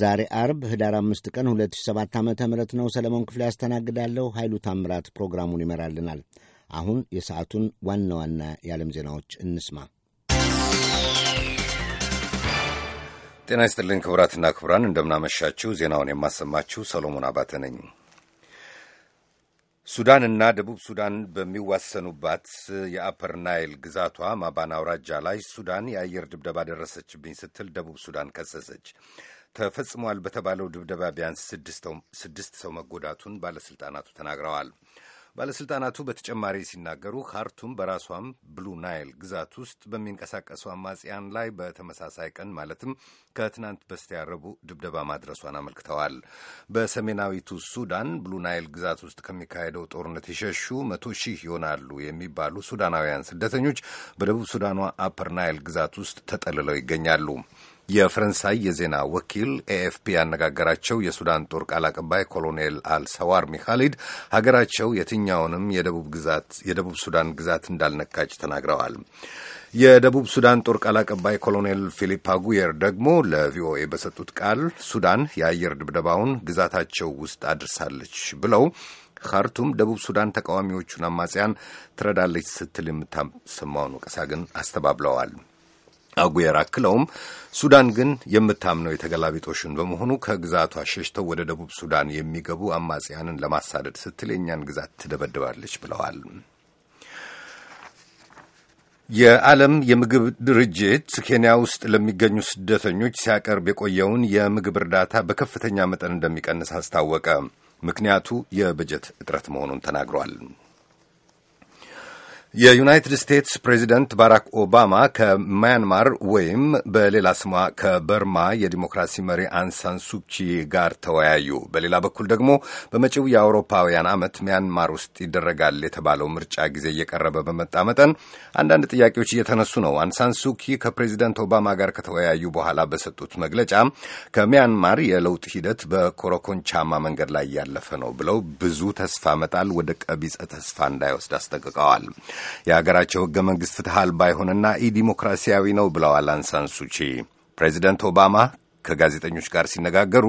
ዛሬ አርብ ህዳር አምስት ቀን 2007 ዓ ም ነው። ሰለሞን ክፍሌ ያስተናግዳለሁ። ኃይሉ ታምራት ፕሮግራሙን ይመራልናል። አሁን የሰዓቱን ዋና ዋና የዓለም ዜናዎች እንስማ። ጤና ይስጥልኝ ክቡራትና ክቡራን፣ እንደምናመሻችሁ። ዜናውን የማሰማችሁ ሰሎሞን አባተ ነኝ። ሱዳንና ደቡብ ሱዳን በሚዋሰኑባት የአፐር ናይል ግዛቷ ማባን አውራጃ ላይ ሱዳን የአየር ድብደባ ደረሰችብኝ ስትል ደቡብ ሱዳን ከሰሰች። ተፈጽሟል በተባለው ድብደባ ቢያንስ ስድስት ሰው መጎዳቱን ባለሥልጣናቱ ተናግረዋል። ባለሥልጣናቱ በተጨማሪ ሲናገሩ ካርቱም በራሷም ብሉ ናይል ግዛት ውስጥ በሚንቀሳቀሱ አማጽያን ላይ በተመሳሳይ ቀን ማለትም ከትናንት በስቲያ ረቡዕ ድብደባ ማድረሷን አመልክተዋል። በሰሜናዊቱ ሱዳን ብሉ ናይል ግዛት ውስጥ ከሚካሄደው ጦርነት የሸሹ መቶ ሺህ ይሆናሉ የሚባሉ ሱዳናውያን ስደተኞች በደቡብ ሱዳኗ አፐር ናይል ግዛት ውስጥ ተጠልለው ይገኛሉ። የፈረንሳይ የዜና ወኪል ኤኤፍፒ ያነጋገራቸው የሱዳን ጦር ቃል አቀባይ ኮሎኔል አልሰዋር ሚካሊድ ሀገራቸው የትኛውንም የደቡብ ግዛት የደቡብ ሱዳን ግዛት እንዳልነካች ተናግረዋል። የደቡብ ሱዳን ጦር ቃል አቀባይ ኮሎኔል ፊሊፕ አጉየር ደግሞ ለቪኦኤ በሰጡት ቃል ሱዳን የአየር ድብደባውን ግዛታቸው ውስጥ አድርሳለች ብለው ካርቱም ደቡብ ሱዳን ተቃዋሚዎቹን አማጽያን ትረዳለች ስትል የምታሰማውን ወቀሳ ግን አስተባብለዋል። አጉየር አክለውም ሱዳን ግን የምታምነው የተገላቢጦሽን በመሆኑ ከግዛቷ ሸሽተው ወደ ደቡብ ሱዳን የሚገቡ አማጽያንን ለማሳደድ ስትል የእኛን ግዛት ትደበድባለች ብለዋል። የዓለም የምግብ ድርጅት ኬንያ ውስጥ ለሚገኙ ስደተኞች ሲያቀርብ የቆየውን የምግብ እርዳታ በከፍተኛ መጠን እንደሚቀንስ አስታወቀ። ምክንያቱ የበጀት እጥረት መሆኑን ተናግሯል። የዩናይትድ ስቴትስ ፕሬዚደንት ባራክ ኦባማ ከማያንማር ወይም በሌላ ስሟ ከበርማ የዲሞክራሲ መሪ አንሳን ሱቺ ጋር ተወያዩ። በሌላ በኩል ደግሞ በመጪው የአውሮፓውያን ዓመት ሚያንማር ውስጥ ይደረጋል የተባለው ምርጫ ጊዜ እየቀረበ በመጣ መጠን አንዳንድ ጥያቄዎች እየተነሱ ነው። አንሳን ሱኪ ከፕሬዚደንት ኦባማ ጋር ከተወያዩ በኋላ በሰጡት መግለጫ ከሚያንማር የለውጥ ሂደት በኮረኮንቻማ መንገድ ላይ ያለፈ ነው ብለው ብዙ ተስፋ መጣል ወደ ቀቢጸ ተስፋ እንዳይወስድ አስጠንቅቀዋል። የሀገራቸው ህገ መንግስት ፍትሕ አልባ ይሆንና ኢዲሞክራሲያዊ ነው ብለዋል አንሳንሱቺ ፕሬዚደንት ኦባማ ከጋዜጠኞች ጋር ሲነጋገሩ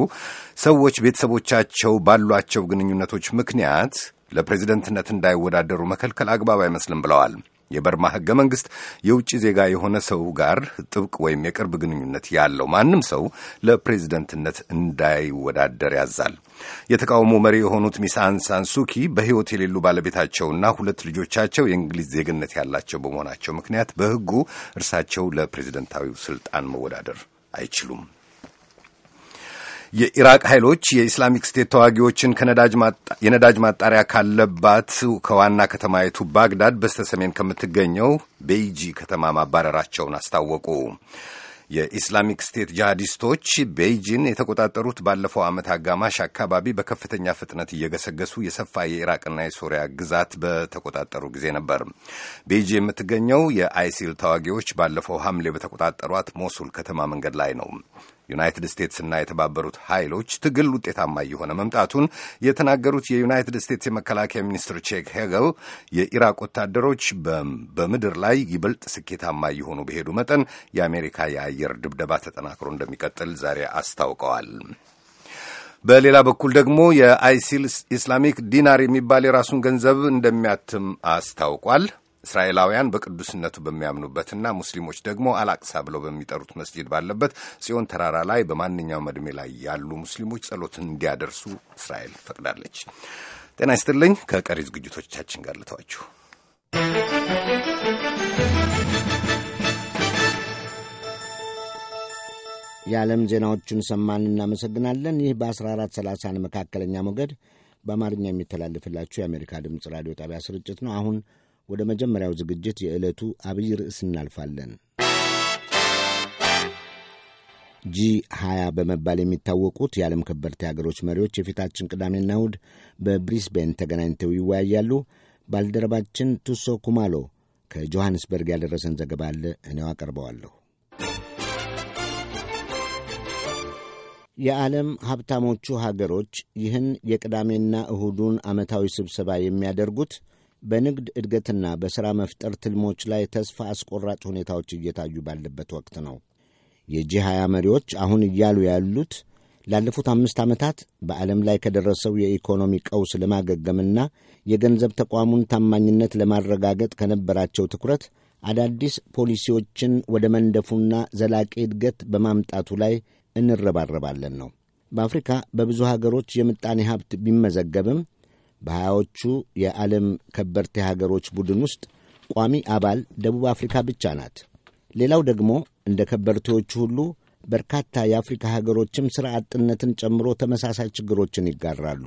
ሰዎች ቤተሰቦቻቸው ባሏቸው ግንኙነቶች ምክንያት ለፕሬዚደንትነት እንዳይወዳደሩ መከልከል አግባብ አይመስልም ብለዋል። የበርማ ህገ መንግስት የውጭ ዜጋ የሆነ ሰው ጋር ጥብቅ ወይም የቅርብ ግንኙነት ያለው ማንም ሰው ለፕሬዚደንትነት እንዳይወዳደር ያዛል። የተቃውሞ መሪ የሆኑት ሚስ አን ሳንሱኪ በሕይወት የሌሉ ባለቤታቸውና ሁለት ልጆቻቸው የእንግሊዝ ዜግነት ያላቸው በመሆናቸው ምክንያት በሕጉ እርሳቸው ለፕሬዝደንታዊው ስልጣን መወዳደር አይችሉም። የኢራቅ ኃይሎች የኢስላሚክ ስቴት ተዋጊዎችን የነዳጅ ማጣሪያ ካለባት ከዋና ከተማይቱ ባግዳድ በስተ ሰሜን ከምትገኘው ቤይጂ ከተማ ማባረራቸውን አስታወቁ። የኢስላሚክ ስቴት ጂሃዲስቶች ቤይጂን የተቆጣጠሩት ባለፈው ዓመት አጋማሽ አካባቢ በከፍተኛ ፍጥነት እየገሰገሱ የሰፋ የኢራቅና የሶሪያ ግዛት በተቆጣጠሩ ጊዜ ነበር። ቤይጂ የምትገኘው የአይሲል ተዋጊዎች ባለፈው ሐምሌ በተቆጣጠሯት ሞሱል ከተማ መንገድ ላይ ነው። ዩናይትድ ስቴትስና የተባበሩት ኃይሎች ትግል ውጤታማ እየሆነ መምጣቱን የተናገሩት የዩናይትድ ስቴትስ የመከላከያ ሚኒስትር ቼክ ሄገል የኢራቅ ወታደሮች በምድር ላይ ይበልጥ ስኬታማ እየሆኑ በሄዱ መጠን የአሜሪካ የአየር ድብደባ ተጠናክሮ እንደሚቀጥል ዛሬ አስታውቀዋል። በሌላ በኩል ደግሞ የአይሲል ኢስላሚክ ዲናር የሚባል የራሱን ገንዘብ እንደሚያትም አስታውቋል። እስራኤላውያን በቅዱስነቱ በሚያምኑበትና ሙስሊሞች ደግሞ አላቅሳ ብለው በሚጠሩት መስጂድ ባለበት ጽዮን ተራራ ላይ በማንኛውም ዕድሜ ላይ ያሉ ሙስሊሞች ጸሎትን እንዲያደርሱ እስራኤል ፈቅዳለች። ጤና ይስጥልኝ። ከቀሪ ዝግጅቶቻችን ጋር ልተዋችሁ። የዓለም ዜናዎችን ሰማን፣ እናመሰግናለን። ይህ በ1430 መካከለኛ ሞገድ በአማርኛ የሚተላልፍላችሁ የአሜሪካ ድምፅ ራዲዮ ጣቢያ ስርጭት ነው። አሁን ወደ መጀመሪያው ዝግጅት የዕለቱ አብይ ርዕስ እናልፋለን። ጂ 20 በመባል የሚታወቁት የዓለም ከበርቴ ሀገሮች መሪዎች የፊታችን ቅዳሜና እሁድ በብሪስቤን ተገናኝተው ይወያያሉ። ባልደረባችን ቱሶ ኩማሎ ከጆሐንስበርግ ያደረሰን ዘገባ አለ፣ እኔው አቀርበዋለሁ። የዓለም ሀብታሞቹ ሀገሮች ይህን የቅዳሜና እሁዱን ዓመታዊ ስብሰባ የሚያደርጉት በንግድ እድገትና በሥራ መፍጠር ትልሞች ላይ ተስፋ አስቆራጭ ሁኔታዎች እየታዩ ባለበት ወቅት ነው። የጂ 20 መሪዎች አሁን እያሉ ያሉት ላለፉት አምስት ዓመታት በዓለም ላይ ከደረሰው የኢኮኖሚ ቀውስ ለማገገምና የገንዘብ ተቋሙን ታማኝነት ለማረጋገጥ ከነበራቸው ትኩረት አዳዲስ ፖሊሲዎችን ወደ መንደፉና ዘላቂ እድገት በማምጣቱ ላይ እንረባረባለን ነው። በአፍሪካ በብዙ ሀገሮች የምጣኔ ሀብት ቢመዘገብም በሀያዎቹ የዓለም ከበርቴ ሀገሮች ቡድን ውስጥ ቋሚ አባል ደቡብ አፍሪካ ብቻ ናት። ሌላው ደግሞ እንደ ከበርቴዎቹ ሁሉ በርካታ የአፍሪካ ሀገሮችም ሥራ አጥነትን ጨምሮ ተመሳሳይ ችግሮችን ይጋራሉ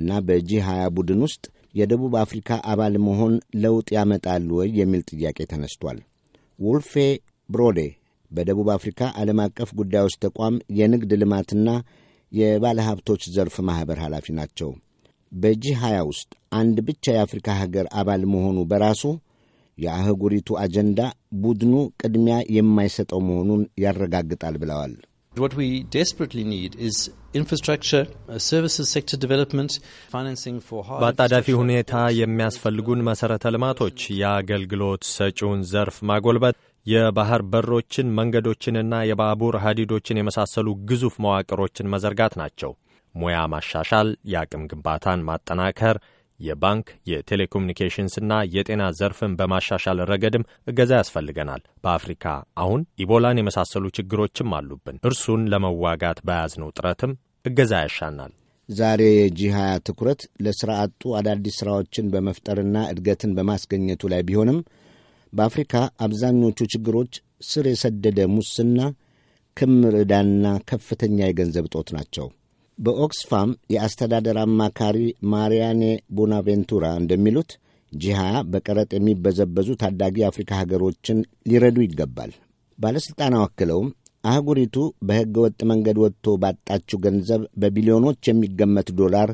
እና በጂ 20 ቡድን ውስጥ የደቡብ አፍሪካ አባል መሆን ለውጥ ያመጣል ወይ የሚል ጥያቄ ተነስቷል። ውልፌ ብሮዴ በደቡብ አፍሪካ ዓለም አቀፍ ጉዳዮች ተቋም የንግድ ልማትና የባለ ሀብቶች ዘርፍ ማኅበር ኃላፊ ናቸው። በጂ 20 ውስጥ አንድ ብቻ የአፍሪካ ሀገር አባል መሆኑ በራሱ የአህጉሪቱ አጀንዳ ቡድኑ ቅድሚያ የማይሰጠው መሆኑን ያረጋግጣል ብለዋል። uh, በአጣዳፊ ሁኔታ የሚያስፈልጉን መሠረተ ልማቶች፣ የአገልግሎት ሰጪውን ዘርፍ ማጎልበት፣ የባህር በሮችን መንገዶችንና የባቡር ሀዲዶችን የመሳሰሉ ግዙፍ መዋቅሮችን መዘርጋት ናቸው። ሙያ ማሻሻል፣ የአቅም ግንባታን ማጠናከር፣ የባንክ የቴሌኮሙኒኬሽንስና የጤና ዘርፍን በማሻሻል ረገድም እገዛ ያስፈልገናል። በአፍሪካ አሁን ኢቦላን የመሳሰሉ ችግሮችም አሉብን። እርሱን ለመዋጋት በያዝነው ጥረትም እገዛ ያሻናል። ዛሬ የጂ ሃያ ትኩረት ለሥራ አጡ አዳዲስ ሥራዎችን በመፍጠርና እድገትን በማስገኘቱ ላይ ቢሆንም በአፍሪካ አብዛኞቹ ችግሮች ስር የሰደደ ሙስና፣ ክምር ዕዳና ከፍተኛ የገንዘብ እጦት ናቸው። በኦክስፋም የአስተዳደር አማካሪ ማሪያኔ ቦናቬንቱራ እንደሚሉት ጂሃ በቀረጥ የሚበዘበዙ ታዳጊ አፍሪካ ሀገሮችን ሊረዱ ይገባል። ባለሥልጣና አክለውም አህጉሪቱ በሕገ ወጥ መንገድ ወጥቶ ባጣችው ገንዘብ በቢሊዮኖች የሚገመት ዶላር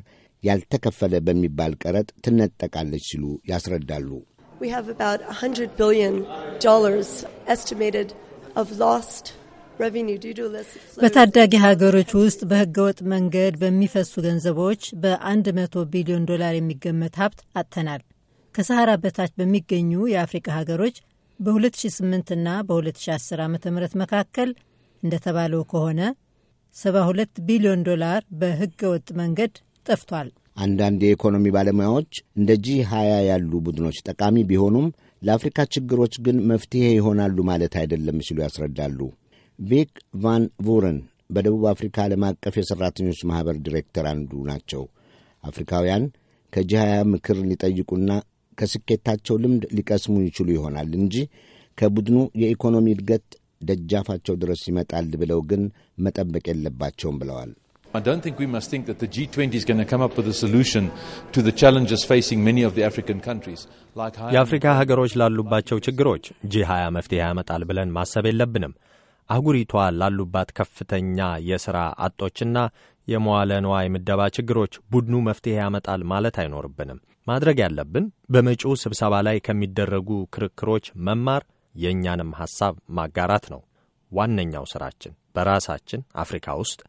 ያልተከፈለ በሚባል ቀረጥ ትነጠቃለች ሲሉ ያስረዳሉ። we have about 100 billion dollars estimated of lost በታዳጊ ሀገሮች ውስጥ በህገወጥ መንገድ በሚፈሱ ገንዘቦች በ100 ቢሊዮን ዶላር የሚገመት ሀብት አጥተናል። ከሰሃራ በታች በሚገኙ የአፍሪካ ሀገሮች በ2008 እና በ2010 ዓ ም መካከል እንደተባለው ከሆነ 72 ቢሊዮን ዶላር በህገወጥ መንገድ ጠፍቷል። አንዳንድ የኢኮኖሚ ባለሙያዎች እንደ ጂ 20 ያሉ ቡድኖች ጠቃሚ ቢሆኑም ለአፍሪካ ችግሮች ግን መፍትሄ ይሆናሉ ማለት አይደለም ሲሉ ያስረዳሉ። ቪክ ቫን ቮረን በደቡብ አፍሪካ ዓለም አቀፍ የሠራተኞች ማኅበር ዲሬክተር አንዱ ናቸው። አፍሪካውያን ከጂ ምክር ሊጠይቁና ከስኬታቸው ልምድ ሊቀስሙ ይችሉ ይሆናል እንጂ ከቡድኑ የኢኮኖሚ እድገት ደጃፋቸው ድረስ ይመጣል ብለው ግን መጠበቅ የለባቸውም ብለዋል። የአፍሪካ ሀገሮች ላሉባቸው ችግሮች ጂ 20 መፍትሄ ያመጣል ብለን ማሰብ የለብንም። አህጉሪቷ ላሉባት ከፍተኛ የሥራ አጦችና የመዋለ ንዋይ ምደባ ችግሮች ቡድኑ መፍትሄ ያመጣል ማለት አይኖርብንም። ማድረግ ያለብን በመጪው ስብሰባ ላይ ከሚደረጉ ክርክሮች መማር፣ የእኛንም ሐሳብ ማጋራት ነው። ዋነኛው ሥራችን በራሳችን አፍሪካ ውስጥ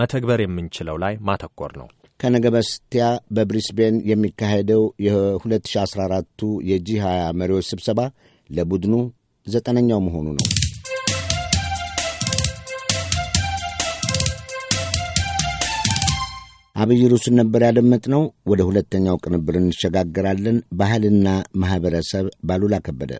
መተግበር የምንችለው ላይ ማተኮር ነው። ከነገ በስቲያ በብሪስቤን የሚካሄደው የ2014ቱ የጂ20 መሪዎች ስብሰባ ለቡድኑ ዘጠነኛው መሆኑ ነው። አብይ ሩስን ነበር ያደመጥነው። ወደ ሁለተኛው ቅንብር እንሸጋገራለን። ባህልና ማኅበረሰብ ባሉላ ከበደ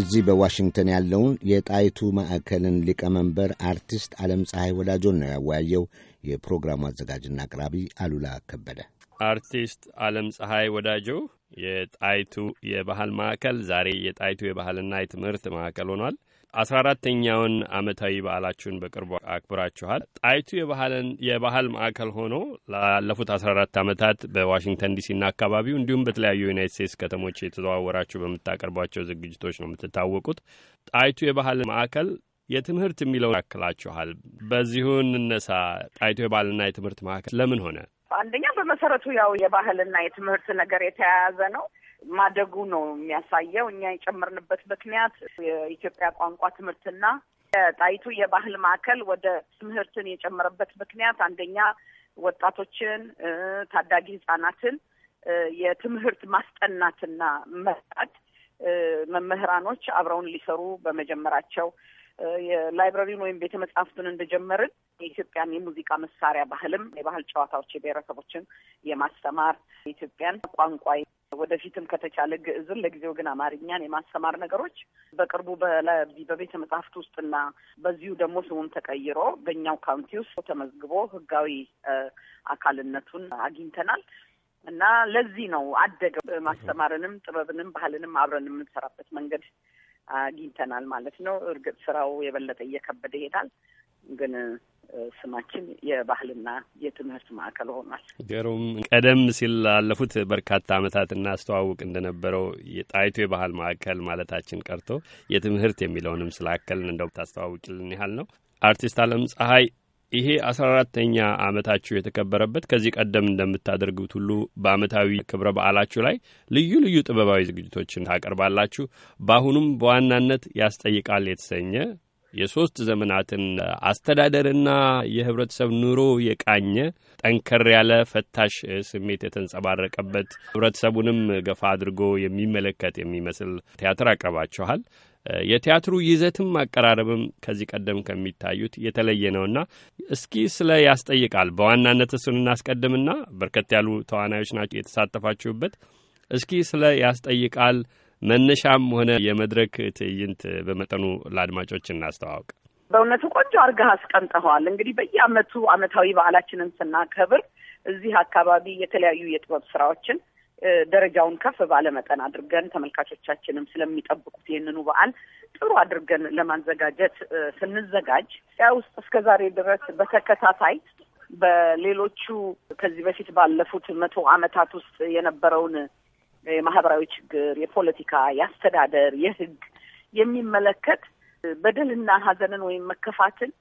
እዚህ በዋሽንግተን ያለውን የጣይቱ ማዕከልን ሊቀመንበር አርቲስት ዓለም ፀሐይ ወዳጆን ነው ያወያየው። የፕሮግራሙ አዘጋጅና አቅራቢ አሉላ ከበደ። አርቲስት ዓለም ፀሐይ ወዳጆ የጣይቱ የባህል ማዕከል ዛሬ የጣይቱ የባህልና የትምህርት ማዕከል ሆኗል። አስራ አራተኛውን አመታዊ በዓላችሁን በቅርቡ አክብራችኋል። ጣይቱ የባህል ማዕከል ሆኖ ላለፉት አስራ አራት ዓመታት በዋሽንግተን ዲሲና አካባቢው እንዲሁም በተለያዩ ዩናይት ስቴትስ ከተሞች የተዘዋወራችሁ በምታቀርቧቸው ዝግጅቶች ነው የምትታወቁት። ጣይቱ የባህል ማዕከል የትምህርት የሚለውን ያክላችኋል። በዚሁ እንነሳ። ጣይቱ የባህልና የትምህርት ማዕከል ለምን ሆነ? አንደኛ በመሰረቱ ያው የባህልና የትምህርት ነገር የተያያዘ ነው። ማደጉ ነው የሚያሳየው። እኛ የጨመርንበት ምክንያት የኢትዮጵያ ቋንቋ ትምህርትና ጣይቱ የባህል ማዕከል ወደ ትምህርትን የጨመረበት ምክንያት አንደኛ ወጣቶችን፣ ታዳጊ ህጻናትን የትምህርት ማስጠናትና መጣት መምህራኖች አብረውን ሊሰሩ በመጀመራቸው የላይብራሪውን ወይም ቤተ መጽሐፍቱን እንደጀመርን የኢትዮጵያን የሙዚቃ መሳሪያ ባህልም የባህል ጨዋታዎች የብሔረሰቦችን የማስተማር የኢትዮጵያን ቋንቋ ወደፊትም ከተቻለ ግዕዝን ለጊዜው ግን አማርኛን የማስተማር ነገሮች በቅርቡ በቤተ መጽሐፍት ውስጥና በዚሁ ደግሞ ስሙም ተቀይሮ በእኛው ካውንቲ ውስጥ ተመዝግቦ ህጋዊ አካልነቱን አግኝተናል እና ለዚህ ነው አደገ ማስተማርንም ጥበብንም ባህልንም አብረን የምንሰራበት መንገድ አግኝተናል ማለት ነው። እርግጥ ስራው የበለጠ እየከበደ ይሄዳል፣ ግን ስማችን የባህልና የትምህርት ማዕከል ሆኗል። ገሩም ቀደም ሲል ላለፉት በርካታ ዓመታት እናስተዋውቅ እንደነበረው የጣይቱ የባህል ማዕከል ማለታችን ቀርቶ የትምህርት የሚለውንም ስላከልን እንደው ታስተዋውቅልን ያህል ነው። አርቲስት አለም ፀሐይ ይሄ አስራ አራተኛ አመታችሁ የተከበረበት ከዚህ ቀደም እንደምታደርጉት ሁሉ በአመታዊ ክብረ በዓላችሁ ላይ ልዩ ልዩ ጥበባዊ ዝግጅቶችን ታቀርባላችሁ። በአሁኑም በዋናነት ያስጠይቃል የተሰኘ የሶስት ዘመናትን አስተዳደርና የህብረተሰብ ኑሮ የቃኘ ጠንከር ያለ ፈታሽ ስሜት የተንጸባረቀበት ህብረተሰቡንም ገፋ አድርጎ የሚመለከት የሚመስል ቲያትር አቅርባችኋል። የቲያትሩ ይዘትም አቀራረብም ከዚህ ቀደም ከሚታዩት የተለየ ነውና እስኪ ስለ ያስጠይቃል በዋናነት እሱን እናስቀድምና በርከት ያሉ ተዋናዮች ናቸው የተሳተፋችሁበት። እስኪ ስለ ያስጠይቃል መነሻም ሆነ የመድረክ ትዕይንት በመጠኑ ለአድማጮች እናስተዋውቅ። በእውነቱ ቆንጆ አድርገህ አስቀምጠኸዋል። እንግዲህ በየአመቱ አመታዊ በዓላችንን ስናከብር እዚህ አካባቢ የተለያዩ የጥበብ ስራዎችን ደረጃውን ከፍ ባለ መጠን አድርገን ተመልካቾቻችንም ስለሚጠብቁት ይህንኑ በዓል ጥሩ አድርገን ለማዘጋጀት ስንዘጋጅ ያ ውስጥ እስከ ዛሬ ድረስ በተከታታይ በሌሎቹ ከዚህ በፊት ባለፉት መቶ ዓመታት ውስጥ የነበረውን የማህበራዊ ችግር፣ የፖለቲካ፣ የአስተዳደር፣ የህግ የሚመለከት በደልና ሀዘንን ወይም መከፋትን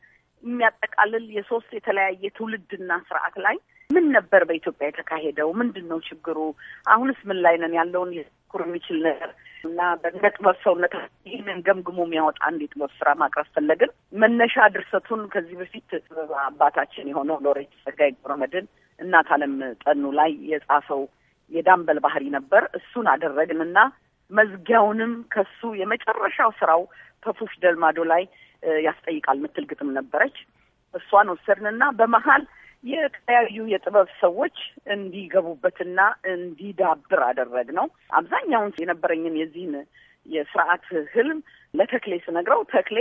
የሚያጠቃልል የሶስት የተለያየ ትውልድና ስርዓት ላይ ምን ነበር በኢትዮጵያ የተካሄደው? ምንድን ነው ችግሩ? አሁንስ ምን ላይ ነን? ያለውን ሊዘክሩ የሚችል ነገር እና እንደ ጥበብ ሰውነት ይህንን ገምግሞ የሚያወጣ አንድ የጥበብ ስራ ማቅረብ ፈለግን። መነሻ ድርሰቱን ከዚህ በፊት አባታችን የሆነው ሎሬት ጸጋዬ ገብረመድኅን እናት ዓለም ጠኑ ላይ የጻፈው የዳንበል ባህሪ ነበር። እሱን እና መዝጊያውንም ከሱ የመጨረሻው ስራው ተፉሽ ደልማዶ ላይ ያስጠይቃል ምትል ግጥም ነበረች። እሷን ወሰድንና በመሀል የተለያዩ የጥበብ ሰዎች እንዲገቡበትና እንዲዳብር አደረግ ነው። አብዛኛውን የነበረኝን የዚህን የስርዓት ህልም ለተክሌ ስነግረው ተክሌ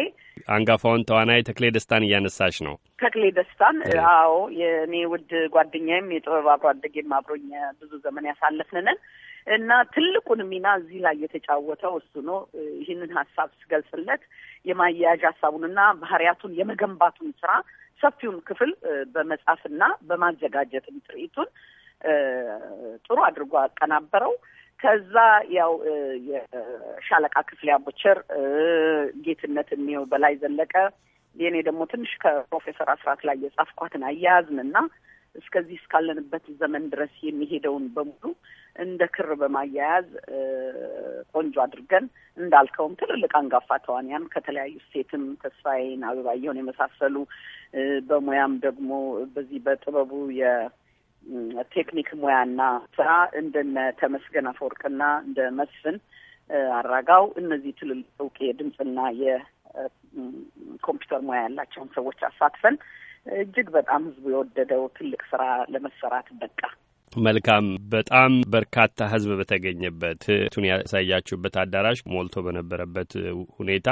አንጋፋውን ተዋናይ ተክሌ ደስታን እያነሳሽ ነው። ተክሌ ደስታን አዎ፣ የእኔ ውድ ጓደኛዬም የጥበብ አብሮ አደጌም አብሮኝ ብዙ ዘመን ያሳለፍንንን እና ትልቁን ሚና እዚህ ላይ የተጫወተው እሱ ነው። ይህንን ሀሳብ ስገልጽለት የማያያዥ ሀሳቡንና ባህሪያቱን የመገንባቱን ስራ ሰፊውን ክፍል በመጻፍና በማዘጋጀትም ትርኢቱን ጥሩ አድርጎ አቀናበረው። ከዛ ያው የሻለቃ ክፍሌ አቦቸር፣ ጌትነት እኒው በላይ ዘለቀ፣ የእኔ ደግሞ ትንሽ ከፕሮፌሰር አስራት ላይ የጻፍኳትን አያያዝን አያያዝንና እስከዚህ እስካለንበት ዘመን ድረስ የሚሄደውን በሙሉ እንደ ክር በማያያዝ ቆንጆ አድርገን እንዳልከውም ትልልቅ አንጋፋ ተዋንያን ከተለያዩ ሴትም ተስፋዬን፣ አበባየሁን የመሳሰሉ በሙያም ደግሞ በዚህ በጥበቡ የቴክኒክ ሙያና ስራ እንደነ ተመስገን አፈወርቅና እንደ መስፍን አራጋው እነዚህ ትልልቅ እውቅ የድምፅና የኮምፒውተር ሙያ ያላቸውን ሰዎች አሳትፈን እጅግ በጣም ህዝቡ የወደደው ትልቅ ስራ ለመሰራት በቃ መልካም በጣም በርካታ ህዝብ በተገኘበት ቱን ያሳያችሁበት አዳራሽ ሞልቶ በነበረበት ሁኔታ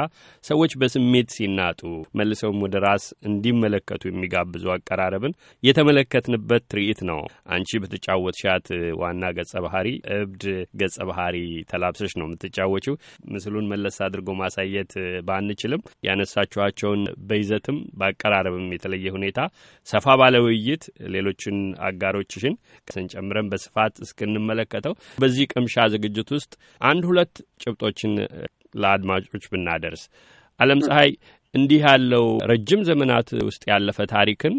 ሰዎች በስሜት ሲናጡ መልሰውም ወደ ራስ እንዲመለከቱ የሚጋብዙ አቀራረብን የተመለከትንበት ትርኢት ነው። አንቺ በተጫወትሻት ዋና ገጸ ባህሪ እብድ ገጸ ባህሪ ተላብሰሽ ነው የምትጫወችው። ምስሉን መለስ አድርጎ ማሳየት ባንችልም ያነሳችኋቸውን በይዘትም በአቀራረብም የተለየ ሁኔታ ሰፋ ባለ ውይይት ሌሎችን አጋሮችሽን ጨምረን በስፋት እስክንመለከተው በዚህ ቅምሻ ዝግጅት ውስጥ አንድ ሁለት ጭብጦችን ለአድማጮች ብናደርስ አለም ፀሐይ እንዲህ ያለው ረጅም ዘመናት ውስጥ ያለፈ ታሪክን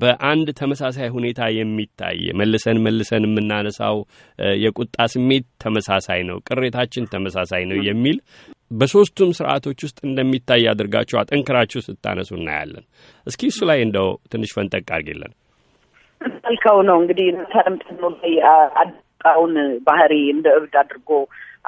በአንድ ተመሳሳይ ሁኔታ የሚታይ መልሰን መልሰን የምናነሳው የቁጣ ስሜት ተመሳሳይ ነው፣ ቅሬታችን ተመሳሳይ ነው የሚል በሶስቱም ስርዓቶች ውስጥ እንደሚታይ አድርጋችሁ አጠንክራችሁ ስታነሱ እናያለን። እስኪ እሱ ላይ እንደው ትንሽ ፈንጠቅ አድርጌለን። እንዳልከው ነው እንግዲህ ተረምጥኖ ላይ አዳውን ባህሪ እንደ እብድ አድርጎ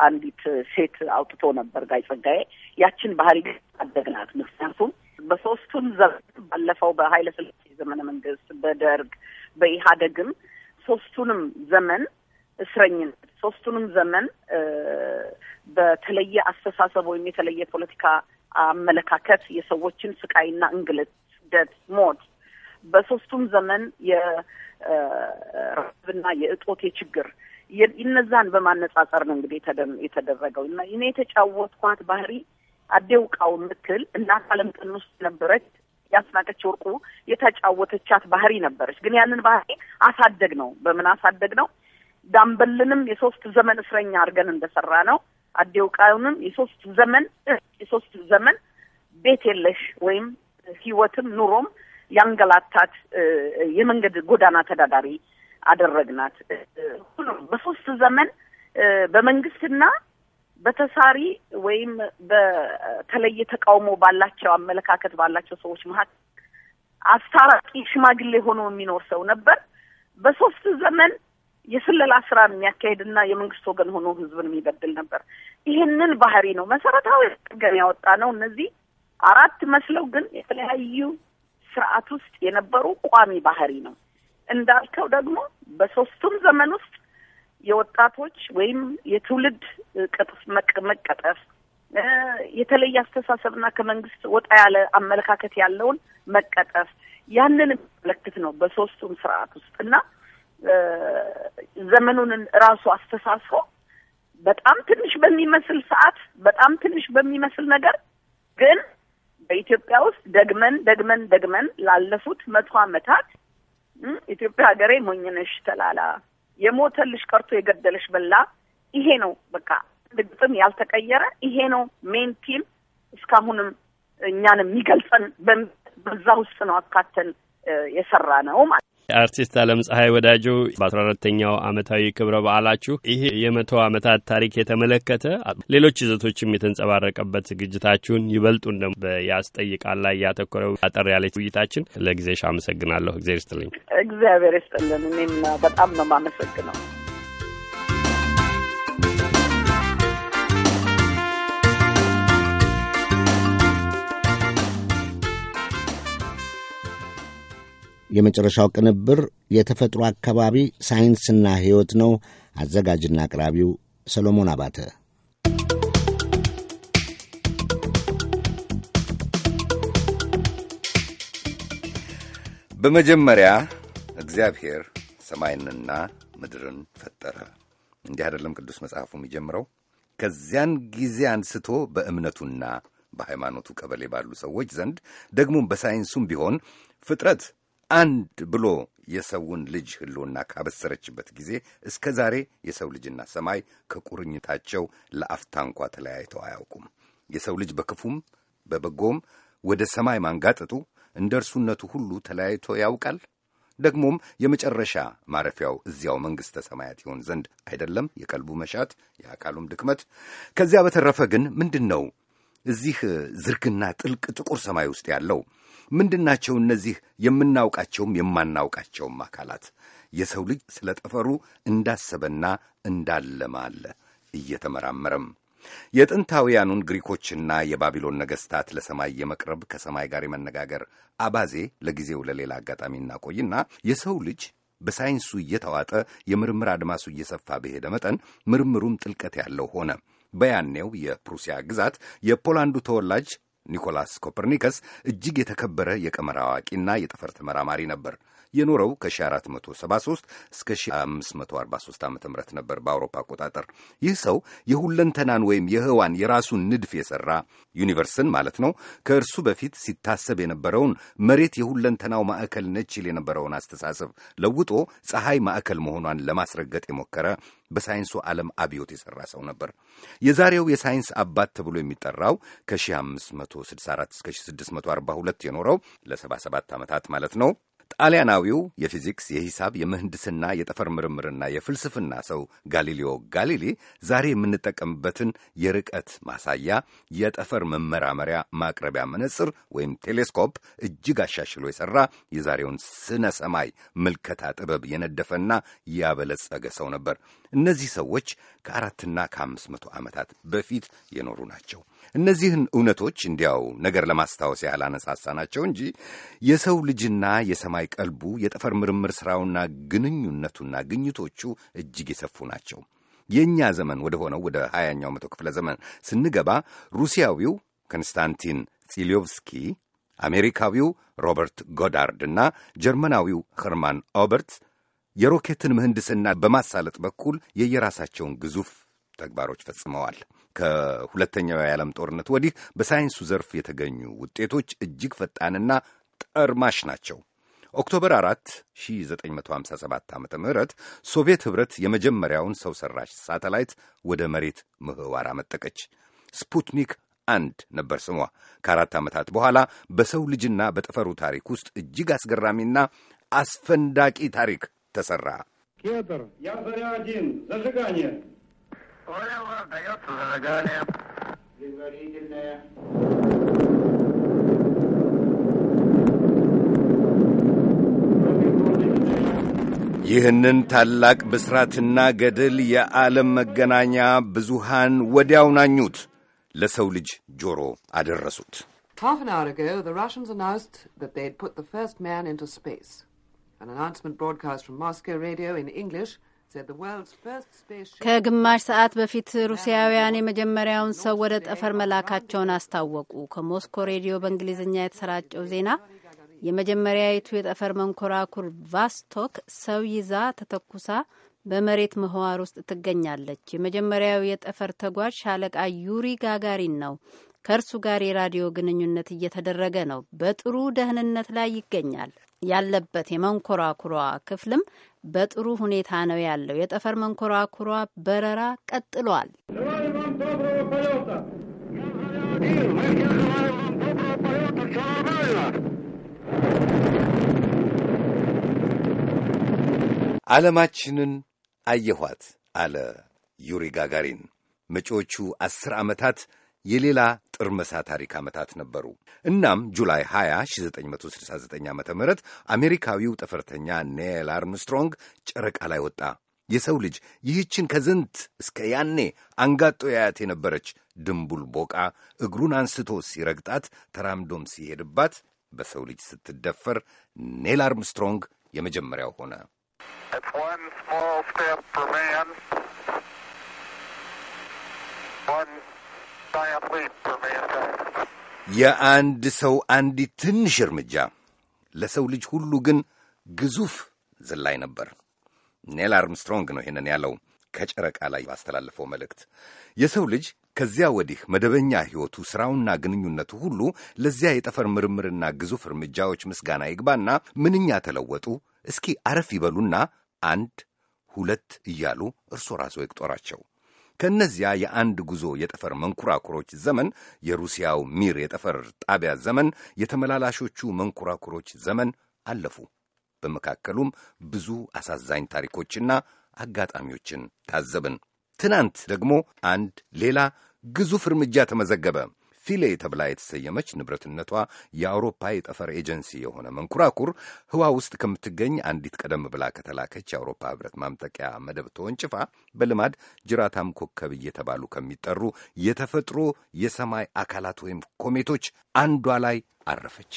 አንዲት ሴት አውጥቶ ነበር ጋይ ጸጋዬ። ያችን ባህሪ አደግናት። ምክንያቱም በሶስቱም ዘመን ባለፈው በኃይለ ሥላሴ ዘመነ መንግስት፣ በደርግ፣ በኢህአደግም ሶስቱንም ዘመን እስረኝነት፣ ሶስቱንም ዘመን በተለየ አስተሳሰብ ወይም የተለየ ፖለቲካ አመለካከት የሰዎችን ስቃይና እንግልት፣ ስደት፣ ሞት በሶስቱም ዘመን የረሃብና የእጦት የችግር እነዛን በማነጻጸር ነው እንግዲህ የተደረገው እና እኔ የተጫወትኳት ባህሪ አዴውቃው ምትል እናት አለም ቀን ውስጥ ነበረች። ያስናቀች ወርቁ የተጫወተቻት ባህሪ ነበረች። ግን ያንን ባህሪ አሳደግ ነው። በምን አሳደግ ነው? ዳምበልንም የሶስት ዘመን እስረኛ አድርገን እንደሰራ ነው። አዴውቃውንም የሶስት ዘመን የሶስት ዘመን ቤት የለሽ ወይም ህይወትም ኑሮም ያንገላታት የመንገድ ጎዳና ተዳዳሪ አደረግናት። ሁሉም በሶስት ዘመን በመንግስትና በተሳሪ ወይም በተለየ ተቃውሞ ባላቸው አመለካከት ባላቸው ሰዎች መካከል አስታራቂ ሽማግሌ ሆኖ የሚኖር ሰው ነበር። በሶስት ዘመን የስለላ ስራ የሚያካሄድና የመንግስት ወገን ሆኖ ህዝብን የሚበድል ነበር። ይህንን ባህሪ ነው መሰረታዊ ገን ያወጣ ነው። እነዚህ አራት መስለው ግን የተለያዩ ስርዓት ውስጥ የነበሩ ቋሚ ባህሪ ነው። እንዳልከው ደግሞ በሶስቱም ዘመን ውስጥ የወጣቶች ወይም የትውልድ ቅጥፍ መቀጠፍ የተለየ አስተሳሰብና ከመንግስት ወጣ ያለ አመለካከት ያለውን መቀጠፍ ያንን የሚመለክት ነው በሶስቱም ስርዓት ውስጥ እና ዘመኑንን ራሱ አስተሳስሮ በጣም ትንሽ በሚመስል ሰዓት በጣም ትንሽ በሚመስል ነገር ግን በኢትዮጵያ ውስጥ ደግመን ደግመን ደግመን ላለፉት መቶ ዓመታት ኢትዮጵያ ሀገሬ ሞኝነሽ ተላላ የሞተልሽ ቀርቶ የገደለሽ በላ። ይሄ ነው በቃ ግጥም ያልተቀየረ ይሄ ነው ሜን ቲም እስካሁንም እኛን የሚገልጸን በዛ ውስጥ ነው አካተን የሰራ ነው ማለት አርቲስት አለም ፀሐይ ወዳጆ በአስራ አራተኛው ዓመታዊ ክብረ በዓላችሁ ይህ የመቶ አመታት ታሪክ የተመለከተ ሌሎች ይዘቶችም የተንጸባረቀበት ዝግጅታችሁን ይበልጡን ደግሞ በያስጠይቃል ላይ እያተኮረው አጠር ያለች ውይይታችን ለጊዜሽ አመሰግናለሁ። እግዜር ይስጥልኝ። እግዚአብሔር ይስጥልን። እኔም በጣም ነው የማመሰግነው። የመጨረሻው ቅንብር የተፈጥሮ አካባቢ ሳይንስና ሕይወት ነው። አዘጋጅና አቅራቢው ሰሎሞን አባተ። በመጀመሪያ እግዚአብሔር ሰማይንና ምድርን ፈጠረ። እንዲህ አይደለም ቅዱስ መጽሐፉ የሚጀምረው? ከዚያን ጊዜ አንስቶ በእምነቱና በሃይማኖቱ ቀበሌ ባሉ ሰዎች ዘንድ ደግሞም በሳይንሱም ቢሆን ፍጥረት አንድ ብሎ የሰውን ልጅ ሕልውና ካበሰረችበት ጊዜ እስከ ዛሬ የሰው ልጅና ሰማይ ከቁርኝታቸው ለአፍታ እንኳ ተለያይተው አያውቁም። የሰው ልጅ በክፉም በበጎም ወደ ሰማይ ማንጋጠጡ እንደ እርሱነቱ ሁሉ ተለያይቶ ያውቃል። ደግሞም የመጨረሻ ማረፊያው እዚያው መንግሥተ ሰማያት ይሆን ዘንድ አይደለም የቀልቡ መሻት፣ የአካሉም ድክመት። ከዚያ በተረፈ ግን ምንድን ነው እዚህ ዝርግና ጥልቅ ጥቁር ሰማይ ውስጥ ያለው ምንድናቸው እነዚህ የምናውቃቸውም የማናውቃቸውም አካላት? የሰው ልጅ ስለ ጠፈሩ እንዳሰበና እንዳለማለ እየተመራመረም የጥንታውያኑን ግሪኮችና የባቢሎን ነገሥታት ለሰማይ የመቅረብ ከሰማይ ጋር የመነጋገር አባዜ ለጊዜው ለሌላ አጋጣሚ እናቆይና የሰው ልጅ በሳይንሱ እየተዋጠ የምርምር አድማሱ እየሰፋ በሄደ መጠን ምርምሩም ጥልቀት ያለው ሆነ። በያኔው የፕሩሲያ ግዛት የፖላንዱ ተወላጅ ኒኮላስ ኮፐርኒከስ እጅግ የተከበረ የቀመር አዋቂና የጠፈር ተመራማሪ ነበር። የኖረው ከ1473 እስከ 1543 ዓ ም ነበር በአውሮፓ አቆጣጠር። ይህ ሰው የሁለንተናን ወይም የህዋን የራሱን ንድፍ የሠራ ዩኒቨርስን ማለት ነው። ከእርሱ በፊት ሲታሰብ የነበረውን መሬት የሁለንተናው ማዕከል ነች ይል የነበረውን አስተሳሰብ ለውጦ ፀሐይ ማዕከል መሆኗን ለማስረገጥ የሞከረ በሳይንሱ ዓለም አብዮት የሠራ ሰው ነበር። የዛሬው የሳይንስ አባት ተብሎ የሚጠራው ከ1564 እስከ 1642 የኖረው ለ77 ዓመታት ማለት ነው ጣሊያናዊው የፊዚክስ፣ የሂሳብ፣ የምህንድስና፣ የጠፈር ምርምርና የፍልስፍና ሰው ጋሊሊዮ ጋሊሊ ዛሬ የምንጠቀምበትን የርቀት ማሳያ የጠፈር መመራመሪያ ማቅረቢያ መነጽር ወይም ቴሌስኮፕ እጅግ አሻሽሎ የሠራ የዛሬውን ስነ ሰማይ ምልከታ ጥበብ የነደፈና ያበለጸገ ሰው ነበር። እነዚህ ሰዎች ከአራትና ከአምስት መቶ ዓመታት በፊት የኖሩ ናቸው። እነዚህን እውነቶች እንዲያው ነገር ለማስታወስ ያህል አነሳሳ ናቸው እንጂ የሰው ልጅና የሰማይ ቀልቡ የጠፈር ምርምር ሥራውና ግንኙነቱና ግኝቶቹ እጅግ የሰፉ ናቸው። የእኛ ዘመን ወደ ሆነው ወደ ሀያኛው መቶ ክፍለ ዘመን ስንገባ ሩሲያዊው ኮንስታንቲን ጺሊዮቭስኪ አሜሪካዊው ሮበርት ጎዳርድ እና ጀርመናዊው ኸርማን ኦበርት የሮኬትን ምህንድስና በማሳለጥ በኩል የየራሳቸውን ግዙፍ ተግባሮች ፈጽመዋል። ከሁለተኛው የዓለም ጦርነት ወዲህ በሳይንሱ ዘርፍ የተገኙ ውጤቶች እጅግ ፈጣንና ጠርማሽ ናቸው። ኦክቶበር 4 1957 ዓ ም ሶቪየት ኅብረት የመጀመሪያውን ሰው ሠራሽ ሳተላይት ወደ መሬት ምህዋር አመጠቀች። ስፑትኒክ አንድ ነበር ስሟ። ከአራት ዓመታት በኋላ በሰው ልጅና በጠፈሩ ታሪክ ውስጥ እጅግ አስገራሚና አስፈንዳቂ ታሪክ ተሰራ። ይህንን ታላቅ ብስራትና ገድል የዓለም መገናኛ ብዙሃን ወዲያው ናኙት፣ ለሰው ልጅ ጆሮ አደረሱት። Half an hour ago, the Russians announced that they had put the first man into space. ከግማሽ ሰዓት በፊት ሩሲያውያን የመጀመሪያውን ሰው ወደ ጠፈር መላካቸውን አስታወቁ። ከሞስኮ ሬዲዮ በእንግሊዝኛ የተሰራጨው ዜና የመጀመሪያዊቱ የጠፈር መንኮራኩር ቫስቶክ ሰው ይዛ ተተኩሳ በመሬት ምህዋር ውስጥ ትገኛለች። የመጀመሪያው የጠፈር ተጓዥ ሻለቃ ዩሪ ጋጋሪን ነው። ከእርሱ ጋር የራዲዮ ግንኙነት እየተደረገ ነው። በጥሩ ደህንነት ላይ ይገኛል። ያለበት የመንኮራኩሯ ክፍልም በጥሩ ሁኔታ ነው ያለው። የጠፈር መንኮራኩሯ በረራ ቀጥሏል። ዓለማችንን አየኋት አለ ዩሪ ጋጋሪን። መጪዎቹ ዐሥር ዓመታት የሌላ ጥርመሳ ታሪክ ዓመታት ነበሩ። እናም ጁላይ 20 1969 ዓ ም አሜሪካዊው ጠፈርተኛ ኔል አርምስትሮንግ ጨረቃ ላይ ወጣ። የሰው ልጅ ይህችን ከዝንት እስከ ያኔ አንጋጦ ያያት የነበረች ድንቡል ቦቃ እግሩን አንስቶ ሲረግጣት፣ ተራምዶም ሲሄድባት፣ በሰው ልጅ ስትደፈር ኔል አርምስትሮንግ የመጀመሪያው ሆነ። One የአንድ ሰው አንዲት ትንሽ እርምጃ ለሰው ልጅ ሁሉ ግን ግዙፍ ዝላይ ነበር። ኔል አርምስትሮንግ ነው ይህንን ያለው ከጨረቃ ላይ ባስተላለፈው መልእክት። የሰው ልጅ ከዚያ ወዲህ መደበኛ ሕይወቱ፣ ሥራውና ግንኙነቱ ሁሉ ለዚያ የጠፈር ምርምርና ግዙፍ እርምጃዎች ምስጋና ይግባና ምንኛ ተለወጡ። እስኪ አረፍ ይበሉና አንድ ሁለት እያሉ እርሶ ራሶ ይቁጠሯቸው። ከእነዚያ የአንድ ጉዞ የጠፈር መንኮራኩሮች ዘመን፣ የሩሲያው ሚር የጠፈር ጣቢያ ዘመን፣ የተመላላሾቹ መንኮራኩሮች ዘመን አለፉ። በመካከሉም ብዙ አሳዛኝ ታሪኮችና አጋጣሚዎችን ታዘብን። ትናንት ደግሞ አንድ ሌላ ግዙፍ እርምጃ ተመዘገበ። ፊሌ ተብላ የተሰየመች ንብረትነቷ የአውሮፓ የጠፈር ኤጀንሲ የሆነ መንኩራኩር ህዋ ውስጥ ከምትገኝ አንዲት ቀደም ብላ ከተላከች የአውሮፓ ህብረት ማምጠቂያ መደብ ተወንጭፋ በልማድ ጅራታም ኮከብ እየተባሉ ከሚጠሩ የተፈጥሮ የሰማይ አካላት ወይም ኮሜቶች አንዷ ላይ አረፈች።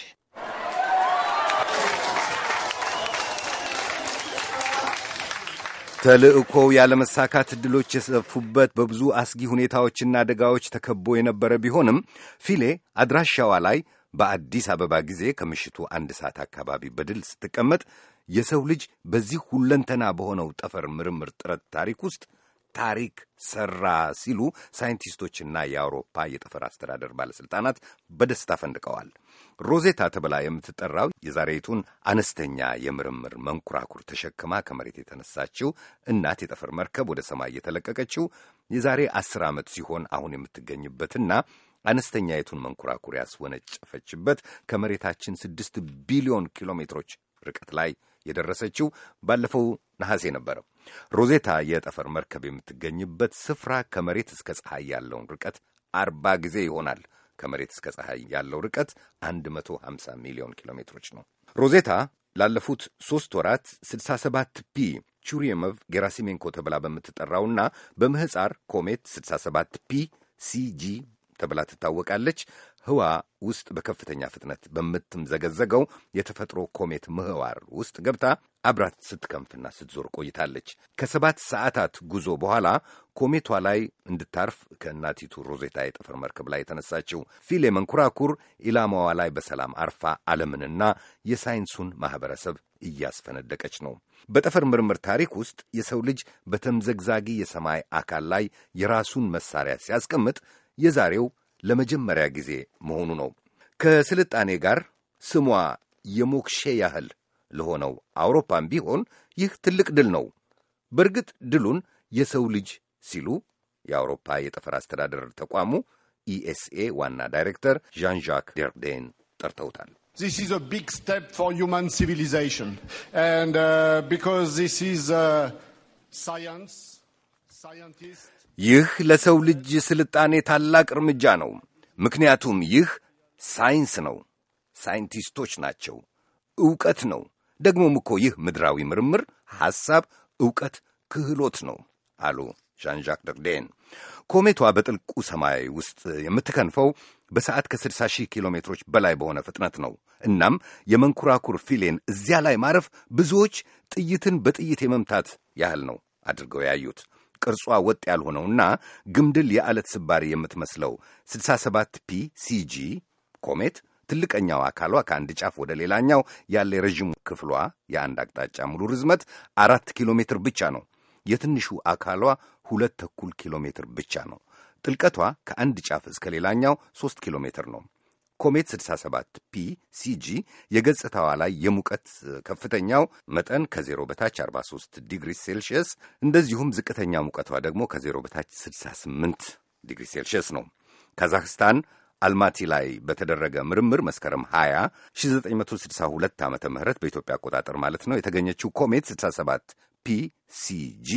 ተልእኮው ያለመሳካት ዕድሎች የሰፉበት በብዙ አስጊ ሁኔታዎችና አደጋዎች ተከቦ የነበረ ቢሆንም ፊሌ አድራሻዋ ላይ በአዲስ አበባ ጊዜ ከምሽቱ አንድ ሰዓት አካባቢ በድል ስትቀመጥ የሰው ልጅ በዚህ ሁለንተና በሆነው ጠፈር ምርምር ጥረት ታሪክ ውስጥ ታሪክ ሰራ ሲሉ ሳይንቲስቶችና የአውሮፓ የጠፈር አስተዳደር ባለሥልጣናት በደስታ ፈንድቀዋል። ሮዜታ ተብላ የምትጠራው የዛሬቱን አነስተኛ የምርምር መንኩራኩር ተሸክማ ከመሬት የተነሳችው እናት የጠፈር መርከብ ወደ ሰማይ የተለቀቀችው የዛሬ አስር ዓመት ሲሆን አሁን የምትገኝበትና አነስተኛይቱን መንኮራኩር ያስወነጨፈችበት ከመሬታችን ስድስት ቢሊዮን ኪሎ ሜትሮች ርቀት ላይ የደረሰችው ባለፈው ነሐሴ ነበረ። ሮዜታ የጠፈር መርከብ የምትገኝበት ስፍራ ከመሬት እስከ ፀሐይ ያለውን ርቀት አርባ ጊዜ ይሆናል። ከመሬት እስከ ፀሐይ ያለው ርቀት 150 ሚሊዮን ኪሎ ሜትሮች ነው። ሮዜታ ላለፉት ሦስት ወራት 67 ፒ ቹሪየመቭ ጌራሲሜንኮ ተብላ በምትጠራውና በምህፃር ኮሜት 67 ፒ ሲጂ ተብላ ትታወቃለች። ህዋ ውስጥ በከፍተኛ ፍጥነት በምትምዘገዘገው የተፈጥሮ ኮሜት ምህዋር ውስጥ ገብታ አብራት ስትከንፍና ስትዞር ቆይታለች። ከሰባት ሰዓታት ጉዞ በኋላ ኮሜቷ ላይ እንድታርፍ ከእናቲቱ ሮዜታ የጠፈር መርከብ ላይ የተነሳችው ፊሌ መንኩራኩር ኢላማዋ ላይ በሰላም አርፋ ዓለምንና የሳይንሱን ማኅበረሰብ እያስፈነደቀች ነው። በጠፈር ምርምር ታሪክ ውስጥ የሰው ልጅ በተምዘግዛጊ የሰማይ አካል ላይ የራሱን መሳሪያ ሲያስቀምጥ የዛሬው ለመጀመሪያ ጊዜ መሆኑ ነው። ከስልጣኔ ጋር ስሟ የሞክሼ ያህል ለሆነው አውሮፓም ቢሆን ይህ ትልቅ ድል ነው። በእርግጥ ድሉን የሰው ልጅ ሲሉ የአውሮፓ የጠፈር አስተዳደር ተቋሙ ኢኤስኤ e ዋና ዳይሬክተር ዣን ዣክ ደርዴን ጠርተውታል። This is a big step for human civilization. And uh, because this is uh, science, scientists... ይህ ለሰው ልጅ ስልጣኔ ታላቅ እርምጃ ነው። ምክንያቱም ይህ ሳይንስ ነው፣ ሳይንቲስቶች ናቸው፣ ዕውቀት ነው። ደግሞም እኮ ይህ ምድራዊ ምርምር፣ ሐሳብ፣ ዕውቀት፣ ክህሎት ነው አሉ ዣን ዣክ ደርዴን። ኮሜቷ በጥልቁ ሰማይ ውስጥ የምትከንፈው በሰዓት ከ60 ሺህ ኪሎ ሜትሮች በላይ በሆነ ፍጥነት ነው። እናም የመንኮራኩር ፊሌን እዚያ ላይ ማረፍ ብዙዎች ጥይትን በጥይት የመምታት ያህል ነው አድርገው ያዩት። ቅርጿ ወጥ ያልሆነውና ግምድል የዓለት ስባሪ የምትመስለው 67 ፒ ሲጂ ኮሜት ትልቀኛው አካሏ ከአንድ ጫፍ ወደ ሌላኛው ያለ የረዥሙ ክፍሏ የአንድ አቅጣጫ ሙሉ ርዝመት አራት ኪሎ ሜትር ብቻ ነው። የትንሹ አካሏ ሁለት ተኩል ኪሎ ሜትር ብቻ ነው። ጥልቀቷ ከአንድ ጫፍ እስከ ሌላኛው ሦስት ኪሎ ሜትር ነው። ኮሜት 67 ፒ ሲጂ የገጽታዋ ላይ የሙቀት ከፍተኛው መጠን ከዜሮ በታች 43 ዲግሪ ሴልሽየስ እንደዚሁም ዝቅተኛ ሙቀቷ ደግሞ ከዜሮ በታች 68 ዲግሪ ሴልሽየስ ነው። ካዛክስታን አልማቲ ላይ በተደረገ ምርምር መስከረም 20 1962 ዓ ም በኢትዮጵያ አቆጣጠር ማለት ነው የተገኘችው ኮሜት 67 ፒ ሲጂ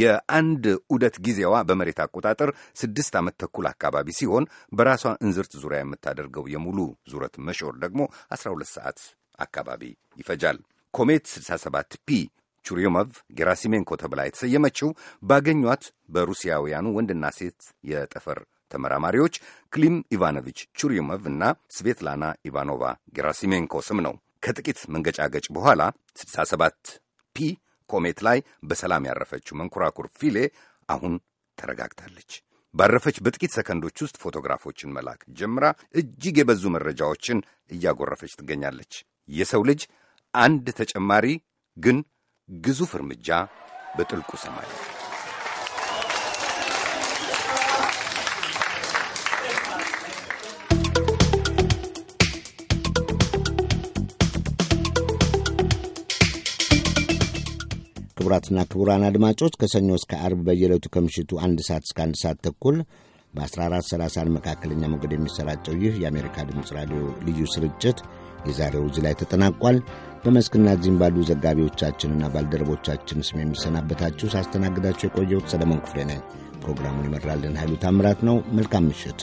የአንድ ዑደት ጊዜዋ በመሬት አቆጣጠር ስድስት ዓመት ተኩል አካባቢ ሲሆን በራሷ እንዝርት ዙሪያ የምታደርገው የሙሉ ዙረት መሾር ደግሞ 12 ሰዓት አካባቢ ይፈጃል። ኮሜት 67 ፒ ቹሪዮመቭ ጌራሲሜንኮ ተብላ የተሰየመችው ባገኟት በሩሲያውያኑ ወንድና ሴት የጠፈር ተመራማሪዎች ክሊም ኢቫኖቪች ቹሪዮመቭ እና ስቬትላና ኢቫኖቫ ጌራሲሜንኮ ስም ነው። ከጥቂት መንገጫገጭ በኋላ 67 ፒ ኮሜት ላይ በሰላም ያረፈችው መንኮራኩር ፊሌ አሁን ተረጋግታለች። ባረፈች በጥቂት ሰከንዶች ውስጥ ፎቶግራፎችን መላክ ጀምራ እጅግ የበዙ መረጃዎችን እያጎረፈች ትገኛለች። የሰው ልጅ አንድ ተጨማሪ ግን ግዙፍ እርምጃ በጥልቁ ሰማይ ክቡራትና ክቡራን አድማጮች ከሰኞ እስከ አርብ በየለቱ ከምሽቱ አንድ ሰዓት እስከ አንድ ሰዓት ተኩል በ1430 መካከለኛ መንገድ የሚሰራጨው ይህ የአሜሪካ ድምፅ ራዲዮ ልዩ ስርጭት የዛሬው እዚህ ላይ ተጠናቋል። በመስክና እዚህም ባሉ ዘጋቢዎቻችንና ባልደረቦቻችን ስም የሚሰናበታችሁ ሳስተናግዳችሁ የቆየሁት ሰለሞን ክፍሌ ነኝ። ፕሮግራሙን ይመራልን ኃይሉ ታምራት ነው። መልካም ምሽት።